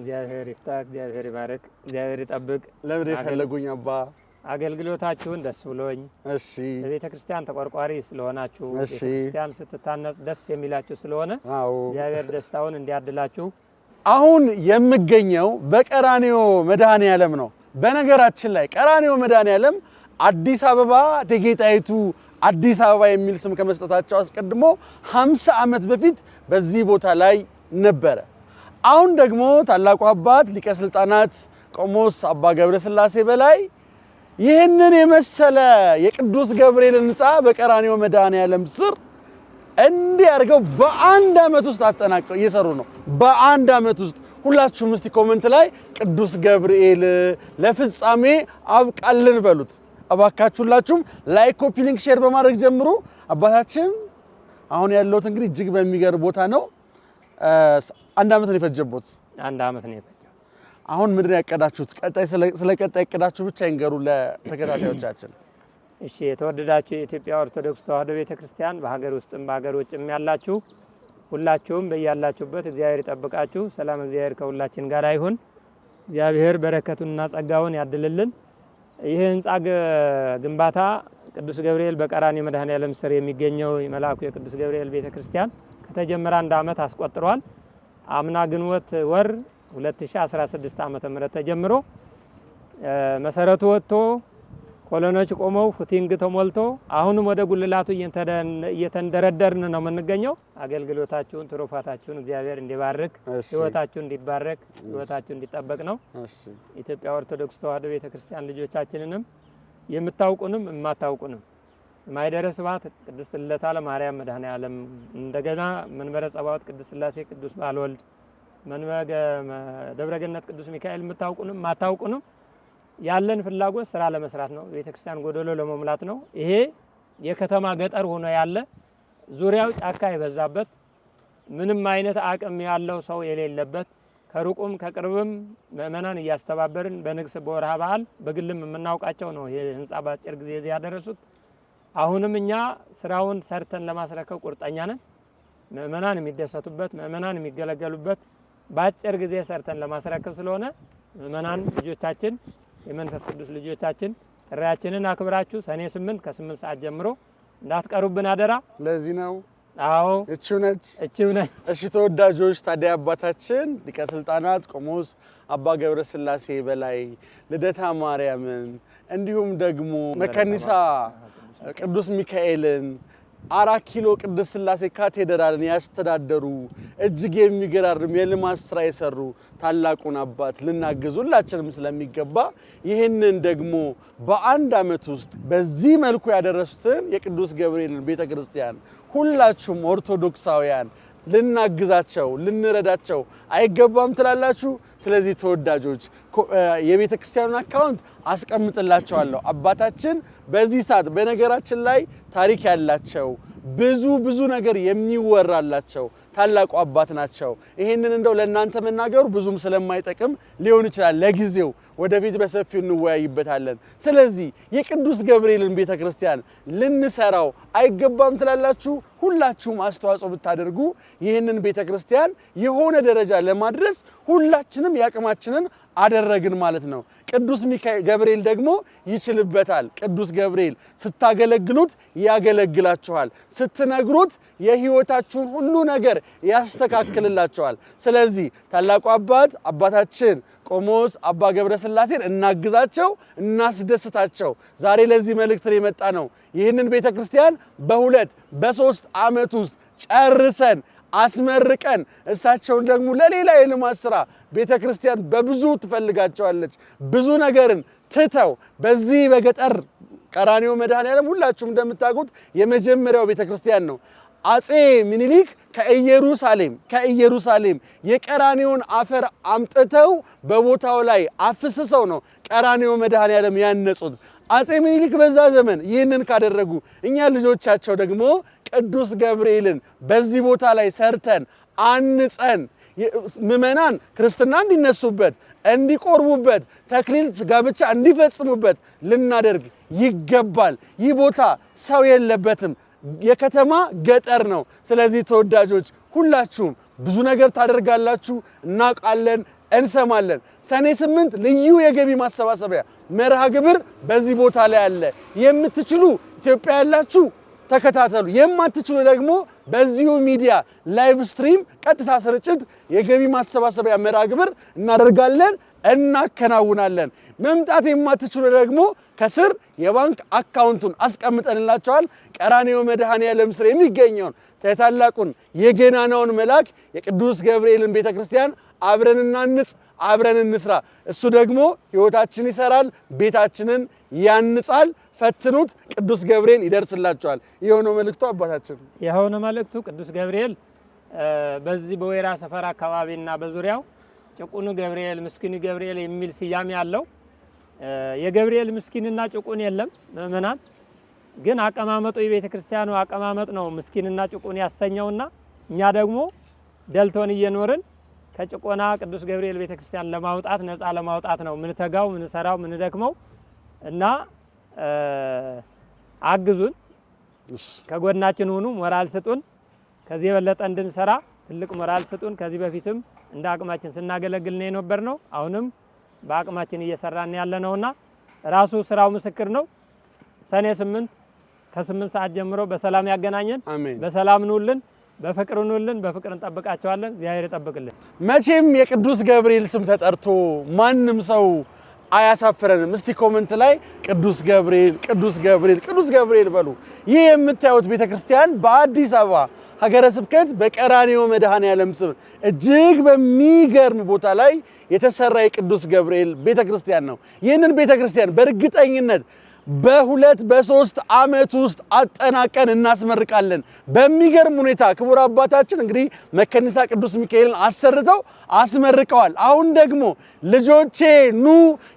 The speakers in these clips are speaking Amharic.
እግዚአብሔር ይፍታ፣ እግዚአብሔር ይባርክ፣ እግዚአብሔር ይጠብቅ። ለምን የፈለጉኝ አባ? አገልግሎታችሁን ደስ ብሎኝ፣ እሺ፣ ለቤተ ክርስቲያን ተቆርቋሪ ስለሆናችሁ፣ እሺ፣ ክርስቲያን ስትታነጽ ደስ የሚላችሁ ስለሆነ እግዚአብሔር ደስታውን እንዲያድላችሁ። አሁን የምገኘው በቀራንዮ መድኃኔ ዓለም ነው። በነገራችን ላይ ቀራኒዮ መድኃኔ ዓለም አዲስ አበባ እቴጌ ጣይቱ አዲስ አበባ የሚል ስም ከመስጠታቸው አስቀድሞ 50 ዓመት በፊት በዚህ ቦታ ላይ ነበረ። አሁን ደግሞ ታላቁ አባት ሊቀ ስልጣናት ቆሞስ አባ ገብረ ስላሴ በላይ ይህንን የመሰለ የቅዱስ ገብርኤል ሕንፃ መዳን መድኃኔዓለም ስር እንዲህ አድርገው በአንድ ዓመት ውስጥ አጠናቀው እየሰሩ ነው። በአንድ ዓመት ውስጥ ሁላችሁም እስቲ ኮመንት ላይ ቅዱስ ገብርኤል ለፍጻሜ አብቃልን በሉት እባካችሁ። ሁላችሁም ላይክ፣ ኮፒ ሊንክ፣ ሼር በማድረግ ጀምሩ። አባታችን አሁን ያለሁት እንግዲህ እጅግ በሚገርም ቦታ ነው። አንድ አመት ነው የፈጀቦት። አንድ አመት ነው የፈጀው። አሁን ምንድን ነው ያቀዳችሁት? ቀጣይ ስለ ቀጣይ እቅዳችሁ ብቻ ይንገሩ ለተከታታዮቻችን። እሺ፣ የተወደዳችሁ የኢትዮጵያ ኦርቶዶክስ ተዋህዶ ቤተክርስቲያን በሀገር ውስጥም በሀገር ውጭም ያላችሁ ሁላችሁም በያላችሁበት እግዚአብሔር ይጠብቃችሁ። ሰላም እግዚአብሔር ከሁላችን ጋር ይሁን። እግዚአብሔር በረከቱንና ጸጋውን ያድልልን። ይህ ህንጻ ግንባታ ቅዱስ ገብርኤል በቀራኒ መድኃኔ ዓለም ስር የሚገኘው መልአኩ የቅዱስ ገብርኤል ቤተክርስቲያን ከተጀመረ አንድ አመት አስቆጥሯል። አምና ግንቦት ወር 2016 ዓመተ ተጀምሮ መሰረቱ ወጥቶ ኮሎኖች ቆመው ፉቲንግ ተሞልቶ አሁንም ወደ ጉልላቱ እየተንደረደርን ነው የምንገኘው። አገልግሎታችሁን ትሩፋታችሁን እግዚአብሔር እንዲባርክ፣ ህይወታችሁ እንዲባረክ፣ ህይወታችሁ እንዲጠበቅ ነው። ኢትዮጵያ ኦርቶዶክስ ተዋህዶ ቤተክርስቲያን ልጆቻችንንም የምታውቁንም የማታውቁንም ማይደረ ስብሐት ቅድስት ልደታ ለማርያም መድኃኔ ዓለም እንደገና መንበረ ጸባዖት ቅድስት ስላሴ ቅዱስ ባልወልድ ደብረ ደብረገነት ቅዱስ ሚካኤል የምታውቁንም ማታውቁንም ያለን ፍላጎት ስራ ለመስራት ነው። ቤተ ክርስቲያን ጎደሎ ለመሙላት ነው። ይሄ የከተማ ገጠር ሆኖ ያለ ዙሪያው ጫካ የበዛበት ምንም አይነት አቅም ያለው ሰው የሌለበት ከሩቁም ከቅርብም ምእመናን እያስተባበርን በንግስ በወርሃ በዓል በግልም የምናውቃቸው ነው። ይህ ህንፃ በአጭር ጊዜ ያደረሱት አሁንም እኛ ስራውን ሰርተን ለማስረከብ ቁርጠኛ ነን። ምእመናን የሚደሰቱበት፣ ምእመናን የሚገለገሉበት በአጭር ጊዜ ሰርተን ለማስረከብ ስለሆነ ምእመናን ልጆቻችን፣ የመንፈስ ቅዱስ ልጆቻችን ጥሪያችንን አክብራችሁ ሰኔ ስምንት ከስምንት ሰዓት ጀምሮ እንዳትቀሩብን አደራ። ለዚህ ነው አዎ እቺው ነች እቺው ነች። እሺ ተወዳጆች፣ ታዲያ አባታችን ሊቀ ስልጣናት ቆሞስ አባ ገብረ ስላሴ በላይ ልደታ ማርያምን እንዲሁም ደግሞ መከኒሳ ቅዱስ ሚካኤልን አራት ኪሎ ቅዱስ ስላሴ ካቴድራልን ያስተዳደሩ እጅግ የሚገራርም የልማት ስራ የሰሩ ታላቁን አባት ልናግዝ ሁላችንም ስለሚገባ ይህንን ደግሞ በአንድ ዓመት ውስጥ በዚህ መልኩ ያደረሱትን የቅዱስ ገብርኤልን ቤተ ክርስቲያን ሁላችሁም ኦርቶዶክሳውያን ልናግዛቸው ልንረዳቸው አይገባም ትላላችሁ? ስለዚህ ተወዳጆች የቤተ ክርስቲያኑን አካውንት አስቀምጥላቸዋለሁ። አባታችን በዚህ ሰዓት በነገራችን ላይ ታሪክ ያላቸው ብዙ ብዙ ነገር የሚወራላቸው ታላቁ አባት ናቸው። ይህንን እንደው ለእናንተ መናገሩ ብዙም ስለማይጠቅም ሊሆን ይችላል ለጊዜው፣ ወደፊት በሰፊው እንወያይበታለን። ስለዚህ የቅዱስ ገብርኤልን ቤተ ክርስቲያን ልንሰራው አይገባም ትላላችሁ? ሁላችሁም አስተዋጽኦ ብታደርጉ ይህንን ቤተ ክርስቲያን የሆነ ደረጃ ለማድረስ ሁላችንም የአቅማችንን አደረግን ማለት ነው። ቅዱስ ሚካኤል ገብርኤል ደግሞ ይችልበታል። ቅዱስ ገብርኤል ስታገለግሉት ያገለግላችኋል፣ ስትነግሩት የህይወታችሁን ሁሉ ነገር ያስተካክልላችኋል። ስለዚህ ታላቁ አባት አባታችን ቆሞስ አባ ገብረስላሴን እናግዛቸው፣ እናስደስታቸው። ዛሬ ለዚህ መልእክት የመጣ ነው። ይህንን ቤተ ክርስቲያን በሁለት በሶስት ዓመት ውስጥ ጨርሰን አስመርቀን እሳቸውን ደግሞ ለሌላ የልማት ስራ ቤተ ክርስቲያን በብዙ ትፈልጋቸዋለች። ብዙ ነገርን ትተው በዚህ በገጠር ቀራኔው መድኃኔዓለም ሁላችሁም እንደምታውቁት የመጀመሪያው ቤተ ክርስቲያን ነው። አፄ ምኒልክ ከኢየሩሳሌም ከኢየሩሳሌም የቀራኔውን አፈር አምጥተው በቦታው ላይ አፍስሰው ነው ቀራኔው መድኃኔዓለም ያነጹት። አፄ ምኒልክ በዛ ዘመን ይህንን ካደረጉ እኛ ልጆቻቸው ደግሞ ቅዱስ ገብርኤልን በዚህ ቦታ ላይ ሰርተን አንጸን ምእመናን ክርስትና እንዲነሱበት እንዲቆርቡበት ተክሊል ጋብቻ እንዲፈጽሙበት ልናደርግ ይገባል። ይህ ቦታ ሰው የለበትም፣ የከተማ ገጠር ነው። ስለዚህ ተወዳጆች ሁላችሁም ብዙ ነገር ታደርጋላችሁ፣ እናውቃለን፣ እንሰማለን። ሰኔ ስምንት ልዩ የገቢ ማሰባሰቢያ መርሃ ግብር በዚህ ቦታ ላይ አለ። የምትችሉ ኢትዮጵያ ያላችሁ ተከታተሉ። የማትችሉ ደግሞ በዚሁ ሚዲያ ላይቭ ስትሪም ቀጥታ ስርጭት የገቢ ማሰባሰቢያ መርሃ ግብር እናደርጋለን፣ እናከናውናለን። መምጣት የማትችሉ ደግሞ ከስር የባንክ አካውንቱን አስቀምጠንላቸዋል። ቀራኔው መድኃኔዓለም ስር የሚገኘውን ታላቁን የገናናውን መልአክ የቅዱስ ገብርኤልን ቤተ ክርስቲያን አብረን እናንጽ። አብረን እንስራ። እሱ ደግሞ ህይወታችን ይሰራል፣ ቤታችንን ያንጻል። ፈትኑት፣ ቅዱስ ገብርኤል ይደርስላቸዋል። የሆነ መልእክቱ አባታችን የሆነ መልእክቱ ቅዱስ ገብርኤል በዚህ በወይራ ሰፈር አካባቢና በዙሪያው ጭቁኑ ገብርኤል፣ ምስኪኑ ገብርኤል የሚል ስያሜ ያለው የገብርኤል ምስኪንና ጭቁን የለም ምእመናን ግን አቀማመጡ የቤተ ክርስቲያኑ አቀማመጥ ነው ምስኪንና ጭቁን ያሰኘውና እኛ ደግሞ ደልቶን እየኖርን ከጭቆና ቅዱስ ገብርኤል ቤተ ክርስቲያን ለማውጣት ነፃ ለማውጣት ነው ምንተጋው ምንሰራው ምንደክመው እና አግዙን፣ ከጎናችን ሁኑ፣ ሞራል ስጡን። ከዚህ የበለጠ እንድንሰራ ትልቅ ሞራል ስጡን። ከዚህ በፊትም እንደ አቅማችን ስናገለግል ነው የነበር ነው። አሁንም በአቅማችን እየሰራን ያለ ነውና ራሱ ስራው ምስክር ነው። ሰኔ ስምንት ከስምንት ሰዓት ጀምሮ በሰላም ያገናኘን፣ በሰላም ንውልን። በፍቅር እንውልን፣ በፍቅር እንጠብቃቸዋለን። እግዚአብሔር ይጠብቅልን። መቼም የቅዱስ ገብርኤል ስም ተጠርቶ ማንም ሰው አያሳፍረንም። እስቲ ኮመንት ላይ ቅዱስ ገብርኤል ቅዱስ ገብርኤል ቅዱስ ገብርኤል በሉ። ይህ የምታዩት ቤተክርስቲያን በአዲስ አበባ ሀገረ ስብከት በቀራንዮ መድኃኔዓለም ስም እጅግ በሚገርም ቦታ ላይ የተሰራ የቅዱስ ገብርኤል ቤተክርስቲያን ነው። ይህንን ቤተክርስቲያን በእርግጠኝነት በሁለት በሶስት ዓመት ውስጥ አጠናቀን እናስመርቃለን። በሚገርም ሁኔታ ክቡር አባታችን እንግዲህ መከኒሳ ቅዱስ ሚካኤልን አሰርተው አስመርቀዋል። አሁን ደግሞ ልጆቼ ኑ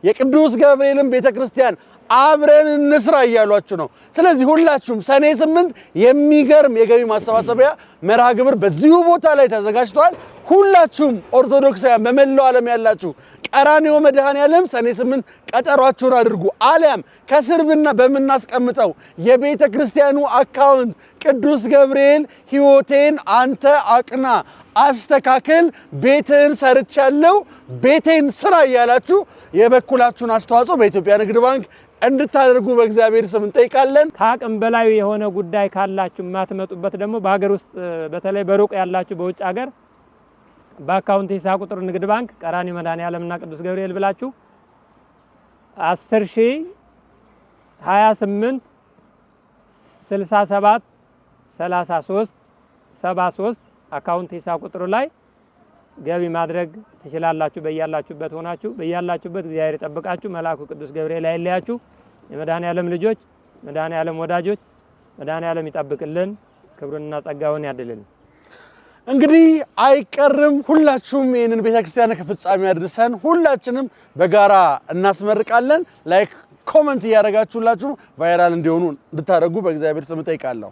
የቅዱስ ገብርኤልን ቤተ ክርስቲያን አብረን እንስራ እያሏችሁ ነው። ስለዚህ ሁላችሁም ሰኔ ስምንት የሚገርም የገቢ ማሰባሰቢያ መርሃ ግብር በዚሁ ቦታ ላይ ተዘጋጅተዋል። ሁላችሁም ኦርቶዶክሳውያን በመላው ዓለም ያላችሁ ቀራንዮ መድኃኔዓለም ሰኔ ስምንት ቀጠሯችሁን አድርጉ። አሊያም ከስር በምናስቀምጠው የቤተ ክርስቲያኑ አካውንት ቅዱስ ገብርኤል ሕይወቴን አንተ አቅና፣ አስተካክል፣ ቤትህን ሰርቻለሁ፣ ቤቴን ስራ እያላችሁ የበኩላችሁን አስተዋጽኦ በኢትዮጵያ ንግድ ባንክ እንድታደርጉ በእግዚአብሔር ስም እንጠይቃለን። ከአቅም በላዩ የሆነ ጉዳይ ካላችሁ የማትመጡበት ደግሞ በሀገር ውስጥ በተለይ በሩቅ ያላችሁ በውጭ ሀገር በአካውንት ሂሳብ ቁጥር ንግድ ባንክ ቀራኒ ቀራኒው መድኃኔዓለምና ቅዱስ ገብርኤል ብላችሁ 10 ሺህ 28 67 33 73 አካውንት ሂሳብ ቁጥሩ ላይ ገቢ ማድረግ ትችላላችሁ። በያላችሁበት ሆናችሁ በያላችሁበት እግዚአብሔር ይጠብቃችሁ። መልአኩ ቅዱስ ገብርኤል አይለያችሁ። የመድኃኔ ዓለም ልጆች፣ መድኃኔ ዓለም ወዳጆች፣ መድኃኔ ዓለም ይጠብቅልን፣ ክብሩንና ጸጋውን ያድልን። እንግዲህ አይቀርም ሁላችሁም ይህንን ቤተክርስቲያን ከፍጻሜ ያድርሰን። ሁላችንም በጋራ እናስመርቃለን። ላይክ ኮመንት እያደረጋችሁላችሁ ቫይራል እንዲሆኑ እንድታደርጉ በእግዚአብሔር ስም እጠይቃለሁ።